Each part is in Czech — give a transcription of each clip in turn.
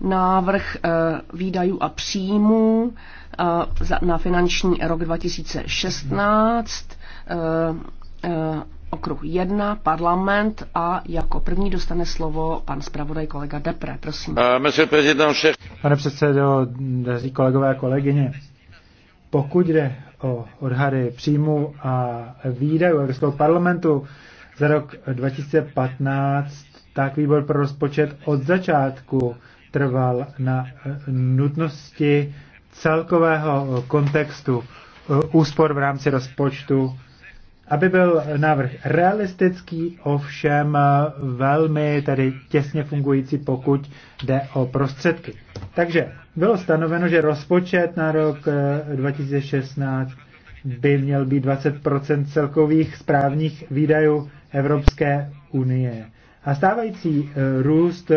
návrh eh, výdajů a příjmů eh, na finanční rok 2016, eh, okruh 1, parlament a jako první dostane slovo pan zpravodaj kolega Depre, prosím. Pane předsedo, drazí kolegové a kolegyně, pokud jde o odhady příjmu a výdajů Evropského parlamentu za rok 2015, tak výbor pro rozpočet od začátku trval na eh, nutnosti celkového kontextu eh, úspor v rámci rozpočtu, aby byl návrh realistický, ovšem eh, velmi tedy těsně fungující, pokud jde o prostředky. Takže bylo stanoveno, že rozpočet na rok 2016 by měl být 20 celkových správních výdajů Evropské unie. A stávající růst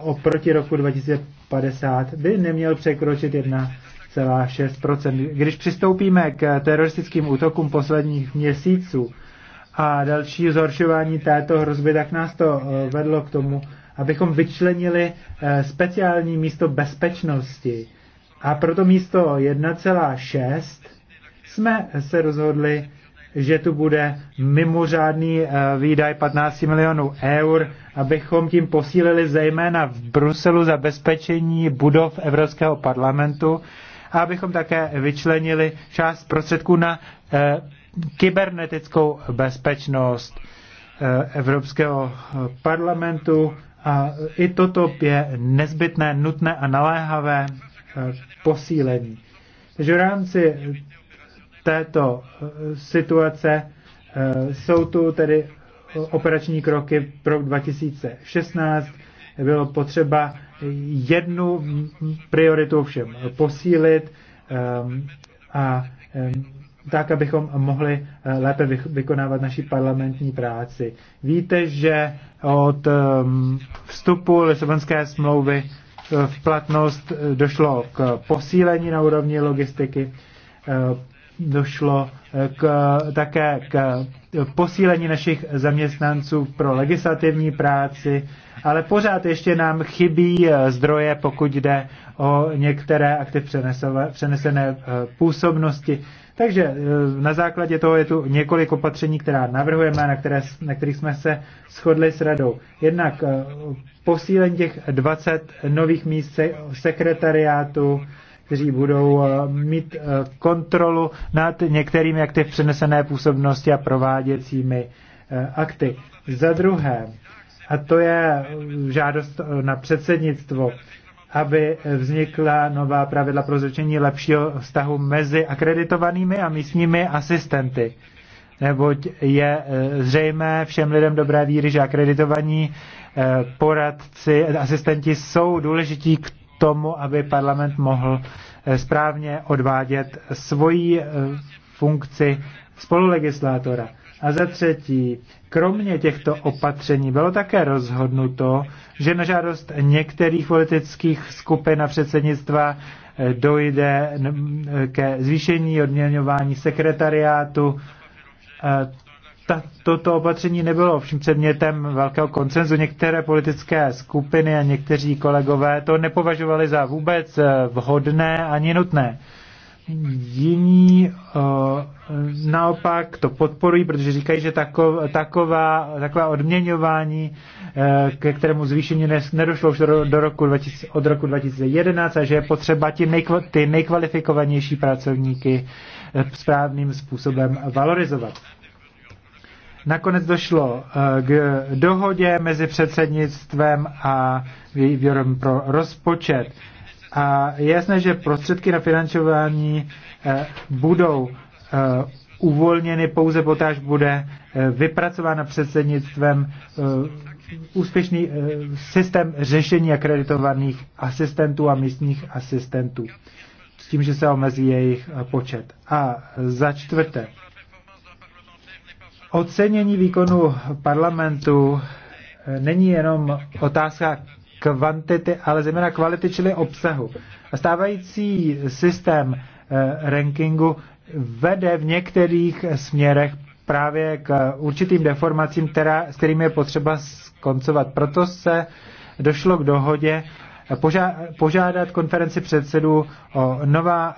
oproti roku 2050 by neměl překročit 1,6%. Když přistoupíme k teroristickým útokům posledních měsíců a další zhoršování této hrozby, tak nás to eh, vedlo k tomu, abychom vyčlenili eh, speciální místo bezpečnosti. A proto místo 1,6 jsme se rozhodli že tu bude mimořádný eh, výdaj 15 milionů eur, abychom tím posílili zejména v Bruselu zabezpečení budov Evropského parlamentu a abychom také vyčlenili část prostředků na eh, kybernetickou bezpečnost eh, Evropského parlamentu. A i toto je nezbytné, nutné a naléhavé posílení. Takže v rámci této eh, situace. Eh, jsou tu tedy operační kroky pro 2016. Bylo potřeba jednu prioritu všem posílit eh, a tak, abychom mohli lépe vykonávat naši parlamentní práci. Víte, že od vstupu Lisabonské smlouvy v platnost došlo k posílení na úrovni logistiky došlo eh, k, také k posílení našich zaměstnanců pro legislativní práci, ale pořád ještě nám chybí eh, zdroje, pokud jde o některé akty přenesené eh, působnosti. Takže na základě toho je tu několik opatření, která navrhujeme, na, které, na kterých jsme se shodli s radou. Jednak posílení těch 20 nových míst sekretariátu, kteří budou eh, mít eh, kontrolu nad některými akty v přenesené působnosti a prováděcími eh, akty. Za druhé, a to je žádost na předsednictvo, aby vznikla nová pravidla pro zvětšení lepšího vztahu mezi akreditovanými a místními asistenty. Neboť je zřejmé všem lidem dobré víry, že akreditovaní poradci, asistenti jsou důležití k tomu, aby parlament mohl eh, správně odvádět svoji eh, funkci spolulegislátora. A za třetí, kromě těchto opatření bylo také rozhodnuto, že na žádost některých politických skupin a předsednictva eh, dojde ke zvýšení odměňování sekretariátu ta, toto opatření nebylo ovšem předmětem velkého koncenzu. Některé politické skupiny a někteří kolegové to nepovažovali za vůbec eh, vhodné ani nutné. Jiní eh, naopak to podporují, protože říkají, že takov, taková, taková odměňování, eh, ke kterému zvýšení nedošlo už do, do roku 2000, od roku 2011 a že je potřeba ty, nejkva, ty nejkvalifikovanější pracovníky správným způsobem valorizovat. Nakonec došlo eh, k dohodě mezi předsednictvem a výběrem pro rozpočet. A je jasné, že prostředky na financování eh, budou eh, uvolněny pouze poté, až bude vypracována předsednictvem úspěšný systém řešení akreditovaných asistentů a místních asistentů, s tím, že se omezí jejich počet. A za čtvrté, Ocenění výkonu parlamentu eh, není jenom otázka kvantity, ale zejména kvality, čili obsahu. A stávající systém eh, rankingu vede v některých směrech právě k určitým deformacím, která, s kterými je potřeba skoncovat. Proto se došlo k dohodě eh, požádat konferenci předsedů o nová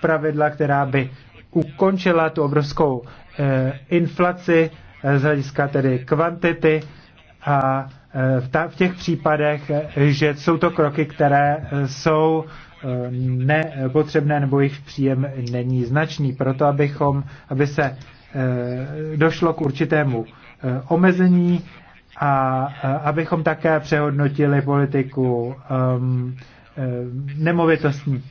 pravidla, která by ukončila tu obrovskou eh, inflaci eh, z hlediska tedy kvantity a eh, v, ta, v těch případech, eh, že jsou to kroky, které eh, jsou eh, nepotřebné nebo jejich příjem není značný. Proto abychom, aby se eh, došlo k určitému eh, omezení a eh, abychom také přehodnotili politiku ehm, eh, nemovitostní.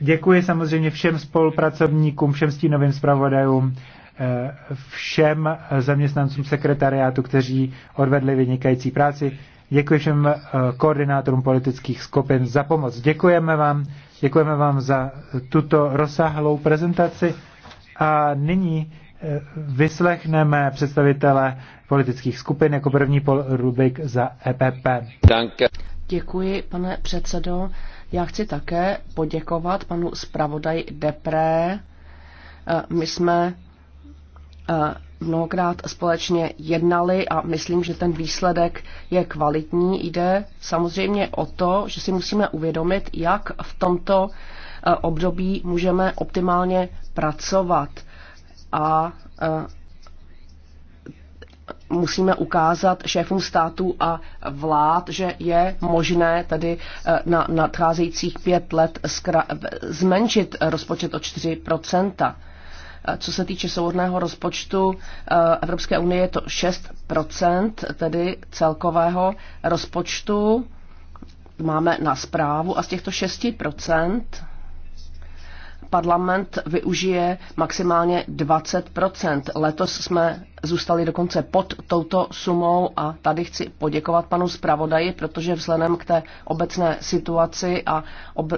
Děkuji samozřejmě všem spolupracovníkům, všem stínovým zpravodajům, eh, všem zaměstnancům sekretariátu, kteří odvedli vynikající práci. Děkuji všem eh, koordinátorům politických skupin za pomoc. Děkujeme vám, děkujeme vám za tuto rozsáhlou prezentaci a nyní eh, vyslechneme představitele politických skupin jako první Paul Rubik za EPP. Děkuji, pane předsedo. Já chci také poděkovat panu zpravodaj Depré. Eh, my jsme eh, mnohokrát společně jednali a myslím, že ten výsledek je kvalitní. Jde samozřejmě o to, že si musíme uvědomit, jak v tomto eh, období můžeme optimálně pracovat a musíme ukázat šéfům států a vlád, že je možné tedy eh, na nadcházejících pět let zmenšit rozpočet o 4 eh, co se týče souhodného rozpočtu eh, Evropské unie je to 6 tedy celkového rozpočtu. Máme na zprávu a z těchto 6 parlament využije maximálně 20 Letos jsme zůstali dokonce pod touto sumou a tady chci poděkovat panu zpravodaji, protože vzhledem k té obecné situaci a ob-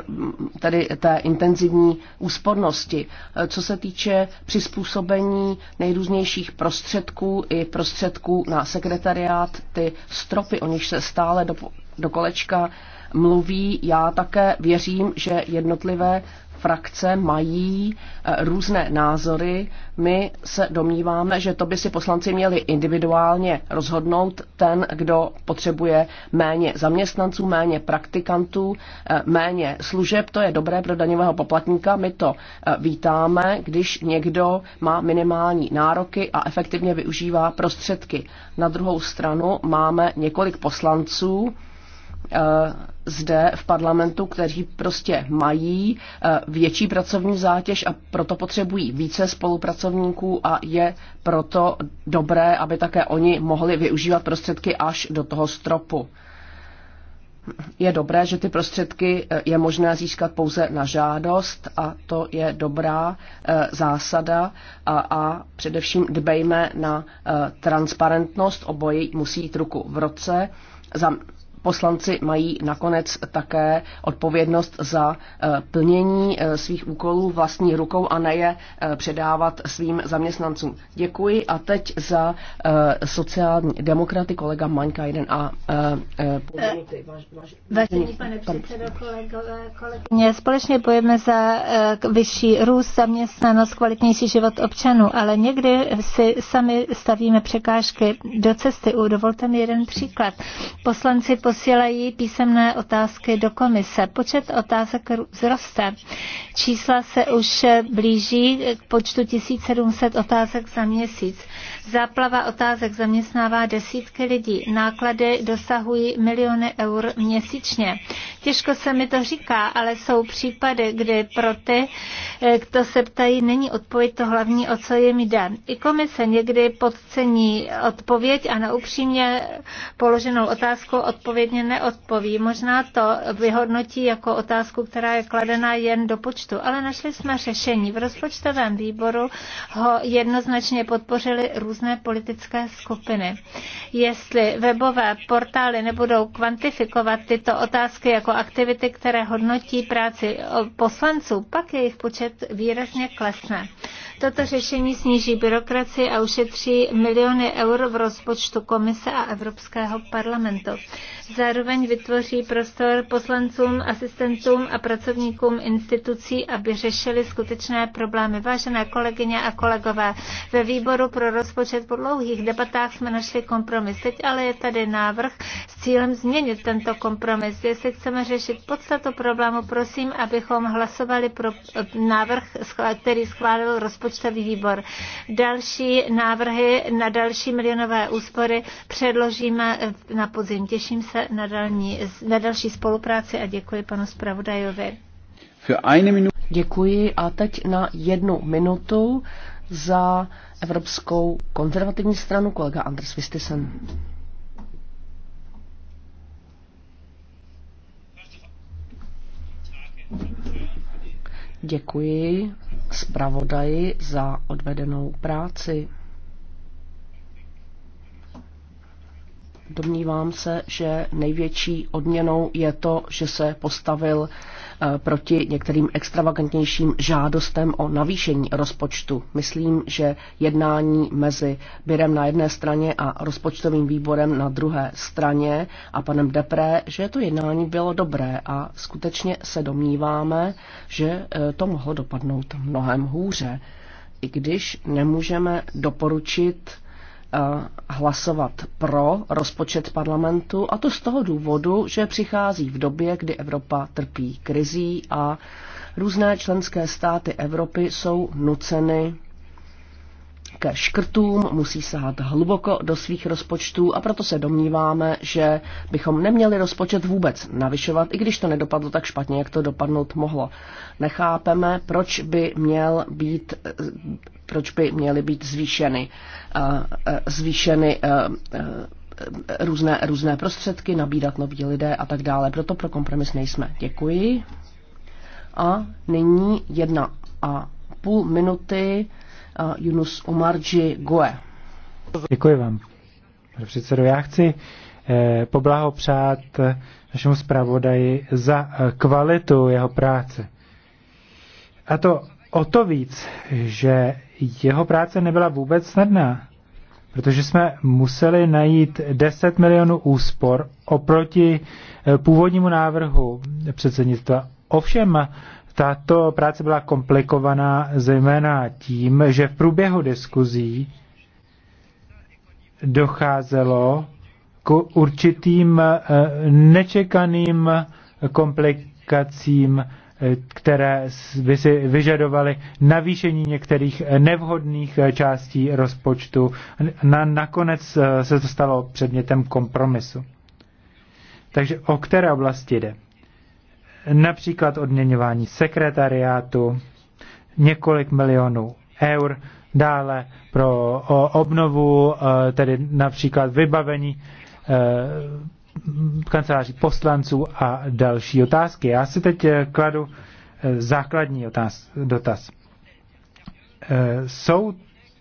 tedy té intenzivní úspornosti, eh, co se týče přizpůsobení nejrůznějších prostředků i prostředků na sekretariát, ty stropy, o nich se stále do, do kolečka mluví. Já také věřím, že jednotlivé frakce mají eh, různé názory. My se domníváme, že to by si poslanci měli individuálně rozhodnout. Ten, kdo potřebuje méně zaměstnanců, méně praktikantů, eh, méně služeb, to je dobré pro daňového poplatníka. My to eh, vítáme, když někdo má minimální nároky a efektivně využívá prostředky. Na druhou stranu máme několik poslanců, zde v parlamentu, kteří prostě mají eh, větší pracovní zátěž a proto potřebují více spolupracovníků a je proto dobré, aby také oni mohli využívat prostředky až do toho stropu. Je dobré, že ty prostředky eh, je možné získat pouze na žádost a to je dobrá eh, zásada a, a především dbejme na transparentnost, obojí musí jít ruku v roce. Za, poslanci mají nakonec také odpovědnost za e, plnění e, svých úkolů vlastní rukou a ne je e, předávat svým zaměstnancům. Děkuji a teď za sociální demokraty kolega Maňka 1 a půl minuty. Vážení pane předsedo, kolegové, kolegyně, společně bojujeme za vyšší růst, zaměstnanost, kvalitnější život občanů, ale někdy si sami stavíme překážky do cesty. Dovolte mi jeden příklad. Poslanci posílají písemné otázky do komise. Počet otázek vzroste. Čísla se už blíží k počtu 1700 otázek za měsíc. Záplava otázek zaměstnává desítky lidí. Náklady dosahují miliony eur měsíčně. Těžko se mi to říká, ale jsou případy, kdy pro ty, eh, kdo se ptají, není odpověď to hlavní, o co jim jde. I komise někdy podcení odpověď a na upřímně položenou otázku odpovědně neodpoví. Možná to vyhodnotí jako otázku, která je kladená jen do počtu, ale našli jsme řešení. V rozpočtovém výboru ho jednoznačně podpořili různé politické skupiny. Jestli webové portály nebudou kvantifikovat tyto otázky jako aktivity, které hodnotí práci poslanců, pak jejich počet výrazně klesne. Toto řešení sníží byrokracii a ušetří miliony eur v rozpočtu Komise a Evropského parlamentu. Zároveň vytvoří prostor poslancům, asistentům a pracovníkům institucí, aby řešili skutečné problémy. Vážené kolegyně a kolegové, ve výboru pro rozpočet. Po dlouhých debatách jsme našli kompromis. Teď ale je tady návrh s cílem změnit tento kompromis. Jestli chceme řešit podstatu problému, prosím, abychom hlasovali pro eh, návrh, který schválil rozpočtový výbor. Další návrhy na další milionové úspory předložíme eh, na podzim. Těším se na, dalní, na další spolupráci a děkuji panu zpravodajovi. Děkuji a teď na jednu minutu za Evropskou konzervativní stranu kolega Anders Vistisen. Děkuji zpravodaji za odvedenou práci. Domnívám se, že největší odměnou je to, že se postavil eh, proti některým extravagantnějším žádostem o navýšení rozpočtu. Myslím, že jednání mezi Birem na jedné straně a rozpočtovým výborem na druhé straně a panem Depré, že to jednání bylo dobré a skutečně se domníváme, že eh, to mohlo dopadnout mnohem hůře. I když nemůžeme doporučit Eh, hlasovat pro rozpočet parlamentu, a to z toho důvodu, že přichází v době, kdy Evropa trpí krizí a různé členské státy Evropy jsou nuceny ke škrtům, musí sahat hluboko do svých rozpočtů a proto se domníváme, že bychom neměli rozpočet vůbec navyšovat, i když to nedopadlo tak špatně, jak to dopadnout mohlo. Nechápeme, proč by měl být proč by měly být zvýšeny, eh, eh, zvýšeny eh, různé, různé prostředky, nabídat noví lidé a tak dále. Proto pro kompromis nejsme. Děkuji. A nyní jedna a půl minuty Yunus Omarji Goe. Děkuji vám, pane předsedo. Já chci poblahopřát našemu zpravodaji za kvalitu jeho práce. A to o to víc, že jeho práce nebyla vůbec snadná, protože jsme museli najít 10 milionů úspor oproti eh, původnímu návrhu předsednictva. Ovšem, tato práce byla komplikovaná zejména tím, že v průběhu diskuzí docházelo k určitým eh, nečekaným komplikacím které by si vyžadovaly navýšení některých nevhodných eh, částí rozpočtu. Na, nakonec eh, se to stalo předmětem kompromisu. Takže o které oblasti jde? Například odměňování sekretariátu, několik milionů eur, dále pro obnovu, eh, tedy například vybavení kanceláří poslanců a další otázky. Já si teď eh, kladu eh, základní otáz, dotaz. Eh, jsou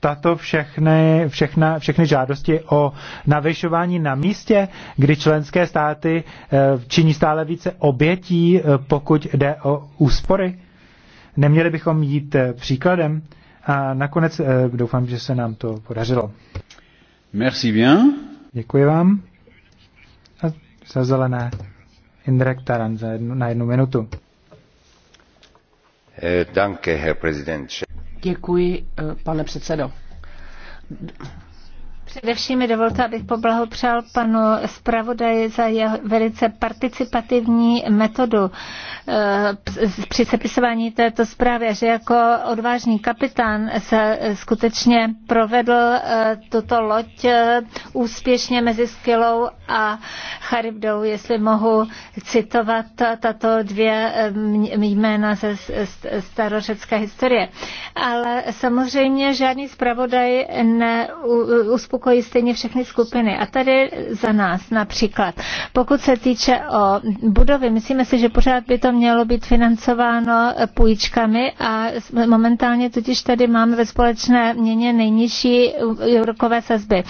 tato všechny, všechna, všechny žádosti o navyšování na místě, kdy členské státy činí stále více obětí, pokud jde o úspory? Neměli bychom jít příkladem? A nakonec doufám, že se nám to podařilo. Merci bien. Děkuji vám za zelené Indrek Taran za jednu, na jednu minutu. Eh, Děkuji, eh, pane předsedo Především mi dovolte, abych poblahopřál panu zpravodaji za jeho velice participativní metodu eh, při sepisování této zprávy a že jako odvážný kapitán se skutečně provedl eh, tuto loď eh, úspěšně mezi Skylou a Charybdou, jestli mohu citovat tato dvě jména ze starořecké historie. Ale samozřejmě žádný zpravodaj neuspokojí neuspokojí stejně všechny skupiny. A tady za nás například, pokud se týče o budovy, myslíme si, že pořád by to mělo být financováno půjčkami a momentálně totiž tady máme ve společné měně nejnižší úrokové sazby.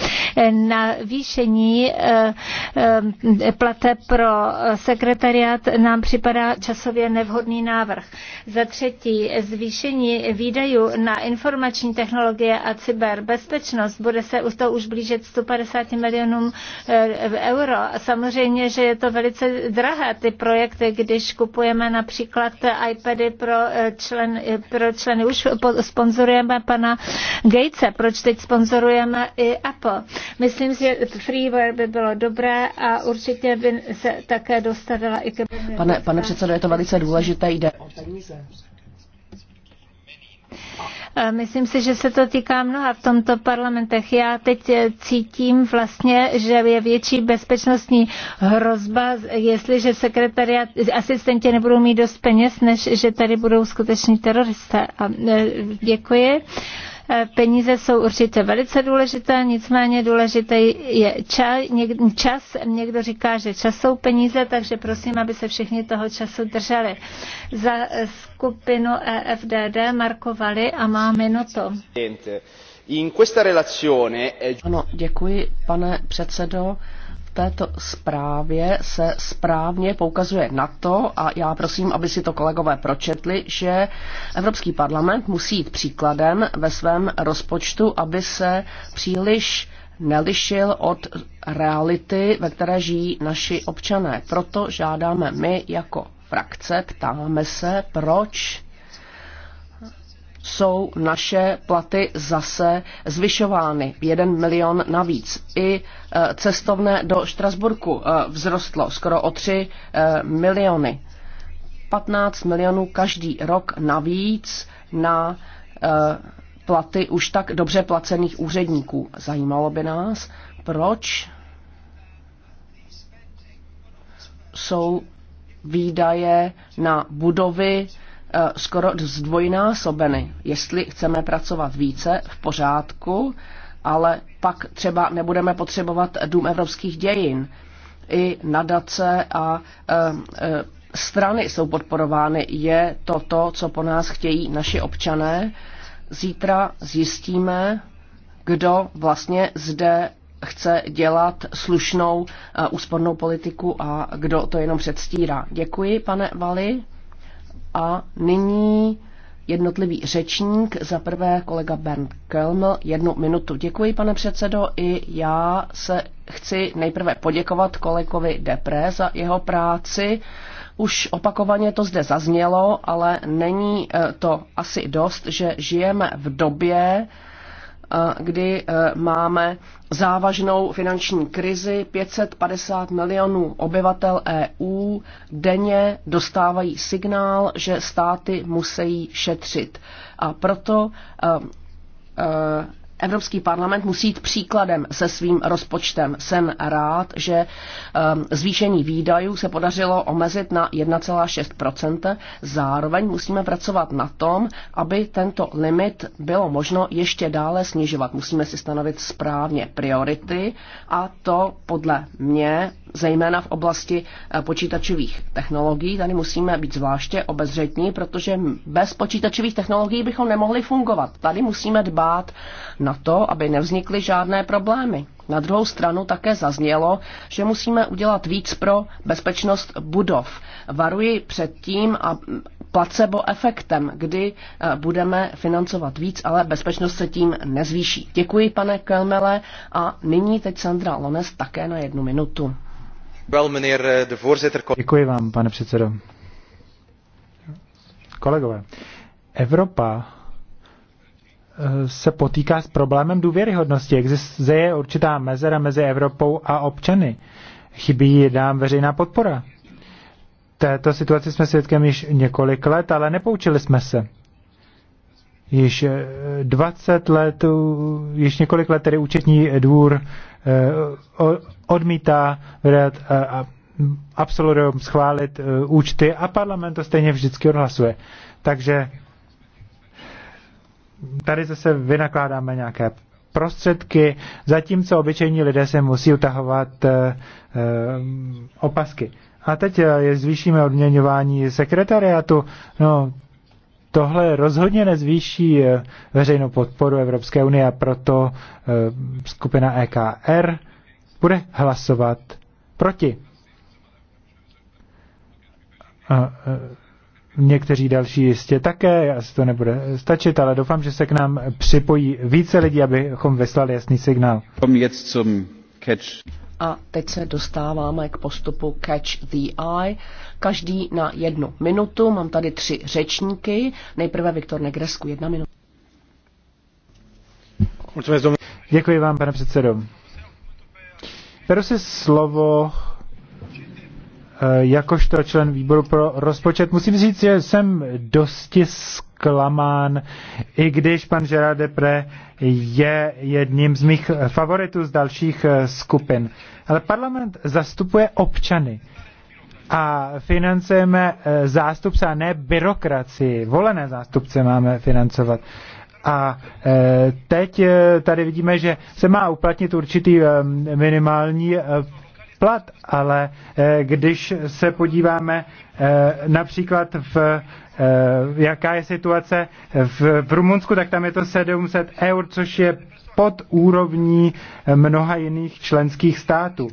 Na výšení eh, eh, plate pro sekretariát nám připadá časově nevhodný návrh. Za třetí, zvýšení výdajů na informační technologie a cyberbezpečnost bude se už to už blížit 150 milionům eh, euro. Samozřejmě, že je to velice drahé, ty projekty, když kupujeme například iPady pro, eh, člen, eh, pro členy, už sponzorujeme pana Gatese, proč teď sponzorujeme i Apple. Myslím, že freeware by bylo dobré a určitě by se také dostavila i ke... Pane, pane předsedo, je to velice důležité, jde o peníze. Myslím si, že se to týká mnoha v tomto parlamentech. Já teď eh, cítím vlastně, že je větší bezpečnostní hrozba, jestliže sekretariat, asistenti nebudou mít dost peněz, než že tady budou skuteční teroristé. A eh, děkuji. Eh, peníze jsou určitě velice důležité, nicméně důležité je čas. Někdo říká, že čas jsou peníze, takže prosím, aby se všichni toho času drželi. Za skupinu EFDD markovali a má minutu. Ano, děkuji, pane předsedo této zprávě se správně poukazuje na to, a já prosím, aby si to kolegové pročetli, že Evropský parlament musí jít příkladem ve svém rozpočtu, aby se příliš nelišil od reality, ve které žijí naši občané. Proto žádáme my jako frakce, ptáme se, proč jsou naše platy zase zvyšovány. Jeden milion navíc. I e, cestovné do Štrasburku e, vzrostlo skoro o tři e, miliony. 15 milionů každý rok navíc na platy už tak dobře placených úředníků. Zajímalo by nás, proč jsou výdaje na budovy Eh, skoro zdvojnásobeny. Jestli chceme pracovat více, v pořádku, ale pak třeba nebudeme potřebovat Dům evropských dějin. I nadace a eh, eh, strany jsou podporovány. Je to to, co po nás chtějí naši občané. Zítra zjistíme, kdo vlastně zde chce dělat slušnou úspornou politiku a kdo to jenom předstírá. Děkuji, pane Vali. A nyní jednotlivý řečník, za prvé kolega Bernd Kölml, jednu minutu. Děkuji, pane předsedo, i já se chci nejprve poděkovat kolegovi Depré za jeho práci. Už opakovaně to zde zaznělo, ale není eh, to asi dost, že žijeme v době, Eh, kdy eh, máme závažnou finanční krizi. 550 milionů obyvatel EU denně dostávají signál, že státy musí šetřit. A proto eh, Evropský parlament musí jít příkladem se svým rozpočtem. Jsem rád, že ehm, zvýšení výdajů se podařilo omezit na 1,6 Zároveň musíme pracovat na tom, aby tento limit bylo možno ještě dále snižovat. Musíme si stanovit správně priority a to podle mě zejména v oblasti eh, počítačových technologií. Tady musíme být zvláště obezřetní, protože bez počítačových technologií bychom nemohli fungovat. Tady musíme dbát na na to, aby nevznikly žádné problémy. Na druhou stranu také zaznělo, že musíme udělat víc pro bezpečnost budov. Varuji před tím a placebo efektem, kdy eh, budeme financovat víc, ale bezpečnost se tím nezvýší. Děkuji, pane Kelmele, a nyní teď Sandra Lones také na jednu minutu. Eh, Děkuji vám, pane předsedo. Kolegové, Evropa se potýká s problémem důvěryhodnosti. Existuje určitá mezera mezi Evropou a občany. Chybí nám veřejná podpora. Této situaci jsme svědkem již několik let, ale nepoučili jsme se. Již 20 eh, let, již několik let tedy účetní dvůr eh, odmítá vydat eh, a absolutorium schválit účty a parlament to stejně vždycky odhlasuje. Takže tady zase vynakládáme nějaké prostředky, zatímco obyčejní lidé se musí utahovat eh, eh, opasky. A teď eh, je zvýšíme odměňování sekretariátu. No, tohle rozhodně nezvýší veřejnou podporu Evropské unie a proto skupina EKR bude hlasovat proti někteří další jistě také, asi to nebude stačit, ale doufám, že se k nám připojí více lidí, abychom vyslali jasný signál. A teď se dostáváme k postupu Catch the Eye. Každý na jednu minutu. Mám tady tři řečníky. Nejprve Viktor Negresku, jedna minuta. Děkuji vám, pane předsedo. Beru si slovo Eh, jakožto člen výboru pro rozpočet musím říct, že jsem dosti zklamán, i když pan Gerard Depre je jedním z mých favoritů z dalších eh, skupin. Ale parlament zastupuje občany a financujeme eh, zástupce a ne byrokracii. Volené zástupce máme financovat. A teď tady vidíme, že se má uplatnit určitý minimální plat, ale eh, když se podíváme eh, například v eh, jaká je situace v, v Rumunsku, tak tam je to 700 eur, což je pod úrovní mnoha jiných členských států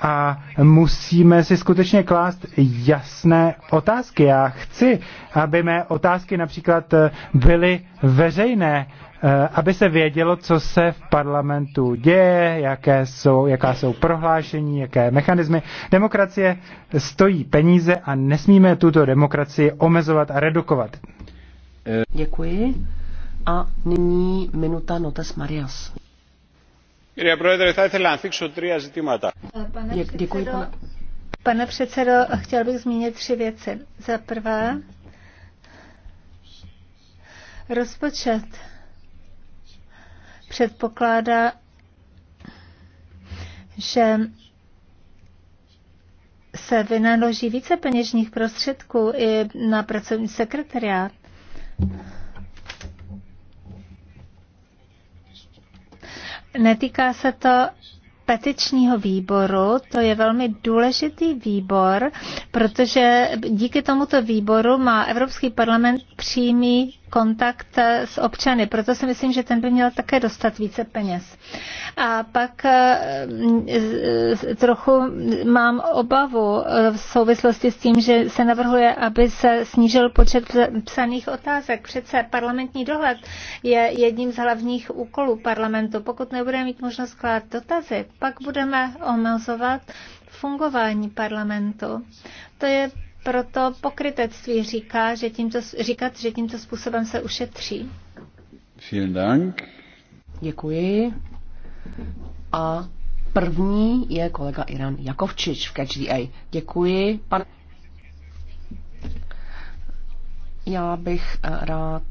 a musíme si skutečně klást jasné otázky. Já chci, aby mé otázky například eh, byly veřejné, eh, aby se vědělo, co se v parlamentu děje, jaké jsou, jaká jsou prohlášení, jaké mechanismy. Demokracie stojí peníze a nesmíme tuto demokracii omezovat a redukovat. Děkuji. A nyní minuta notes Marias. Pane předsedo, pane chtěl bych zmínit tři věci. Za prvé, rozpočet předpokládá, že se vynaloží více peněžních prostředků i na pracovní sekretariát. Netýká se to petičního výboru. To je velmi důležitý výbor, protože díky tomuto výboru má Evropský parlament přímý kontakt eh, s občany. Proto si myslím, že ten by měl také dostat více peněz. A pak eh, trochu mám obavu eh, v souvislosti s tím, že se navrhuje, aby se snížil počet psaných otázek. Přece parlamentní dohled je jedním z hlavních úkolů parlamentu. Pokud nebudeme mít možnost klást dotazy, pak budeme omezovat fungování parlamentu. To je proto pokrytectví říká, že tímto, říkat, že tímto způsobem se ušetří. Vielen Dank. Děkuji. A první je kolega Iran Jakovčič v CatchDA. Děkuji, pane. Já bych eh, rád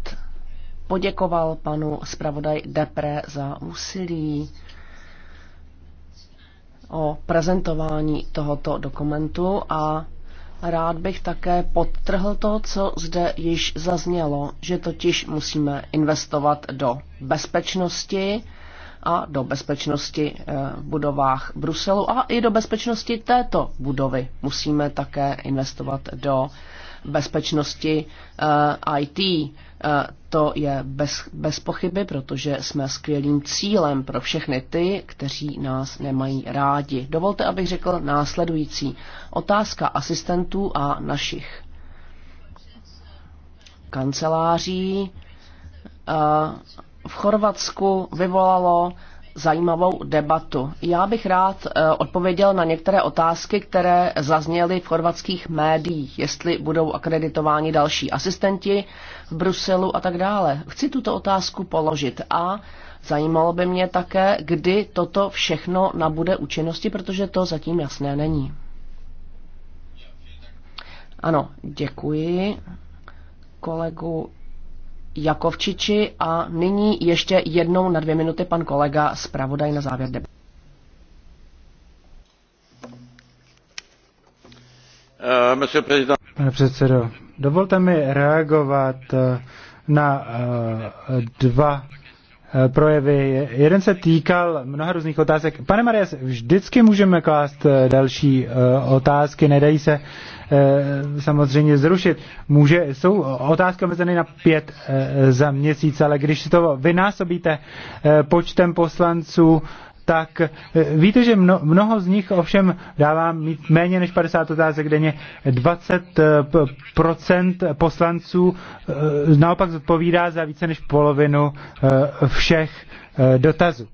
poděkoval panu zpravodaj Depre za úsilí o prezentování tohoto dokumentu a Rád bych také podtrhl to, co zde již zaznělo, že totiž musíme investovat do bezpečnosti a do bezpečnosti eh, v budovách Bruselu a i do bezpečnosti této budovy. Musíme také investovat do bezpečnosti eh, IT. Eh, to je bez, bez pochyby, protože jsme skvělým cílem pro všechny ty, kteří nás nemají rádi. Dovolte, abych řekl následující. Otázka asistentů a našich kanceláří eh, v Chorvatsku vyvolalo zajímavou debatu. Já bych rád eh, odpověděl na některé otázky, které zazněly v chorvatských médiích, jestli budou akreditováni další asistenti v Bruselu a tak dále. Chci tuto otázku položit a zajímalo by mě také, kdy toto všechno nabude účinnosti, protože to zatím jasné není. Ano, děkuji kolegu Jakovčiči a nyní ještě jednou na dvě minuty pan kolega zpravodaj na závěr debaty. Eh, Pane předsedo, dovolte mi reagovat eh, na eh, dva Eh, projevy. Jeden se týkal mnoha různých otázek. Pane Marias, vždycky můžeme klást eh, další eh, otázky, nedají se samozřejmě zrušit. Může, jsou otázky omezeny na pět za měsíc, ale když si to vynásobíte počtem poslanců, tak eh, víte, že mnoho z nich ovšem dává mít méně než 50 otázek denně. 20% eh, poslanců eh, naopak zodpovídá za více než polovinu všech dotazů.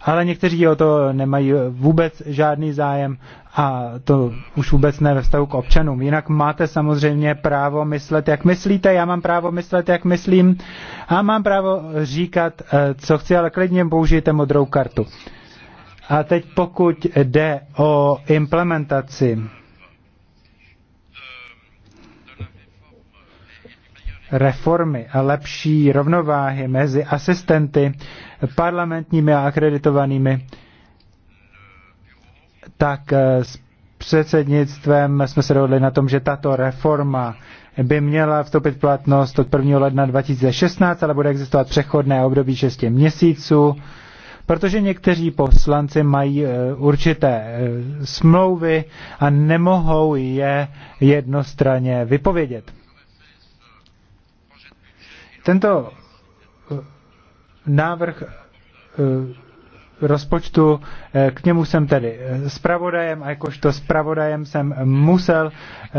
Ale někteří o to nemají vůbec žádný zájem a to už vůbec ne ve vztahu k občanům. Jinak máte samozřejmě právo myslet, jak myslíte, já mám právo myslet, jak myslím a mám právo říkat, co chci, ale klidně použijte modrou kartu. A teď pokud jde o implementaci reformy a lepší rovnováhy mezi asistenty parlamentními a akreditovanými, tak s předsednictvem jsme se dohodli na tom, že tato reforma by měla vstoupit platnost od 1. ledna 2016, ale bude existovat přechodné období 6 měsíců protože někteří poslanci mají eh, určité eh, smlouvy a nemohou je jednostranně vypovědět. Tento eh, návrh rozpočtu. Eh, k němu jsem tedy eh, zpravodajem a jakožto zpravodajem jsem musel eh,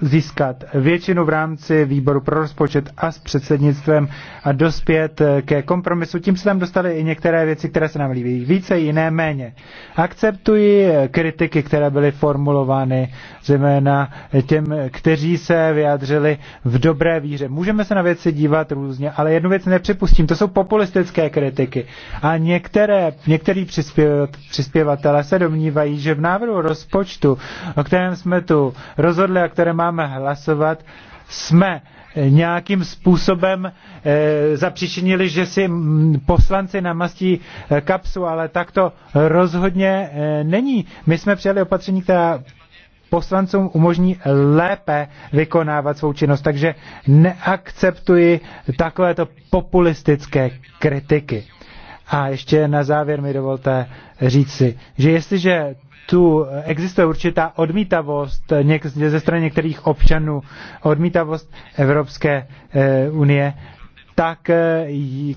získat většinu v rámci výboru pro rozpočet a s předsednictvem a dospět ke kompromisu. Tím se tam dostaly i některé věci, které se nám líbí. Více, jiné, méně. Akceptuji kritiky, které byly formulovány zejména těm, kteří se vyjádřili v dobré víře. Můžeme se na věci dívat různě, ale jednu věc nepřipustím. To jsou populistické kritiky. A některé Někteří některý přispěvatele se domnívají, že v návrhu rozpočtu, o kterém jsme tu rozhodli a které máme hlasovat, jsme nějakým způsobem e, zapříčinili, že si mm, poslanci namastí eh, kapsu, ale tak to rozhodně e, není. My jsme přijali opatření, která poslancům umožní lépe vykonávat svou činnost. Takže neakceptuji takovéto populistické kritiky. A ještě na závěr mi dovolte říci, že jestliže tu existuje určitá odmítavost něk- ze strany některých občanů, odmítavost Evropské e, unie, tak eh,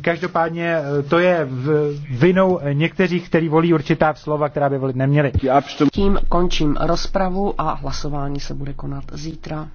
každopádně eh, to je v, vinou některých, kteří volí určitá slova, která by volit neměli. Tím končím rozpravu a hlasování se bude konat zítra.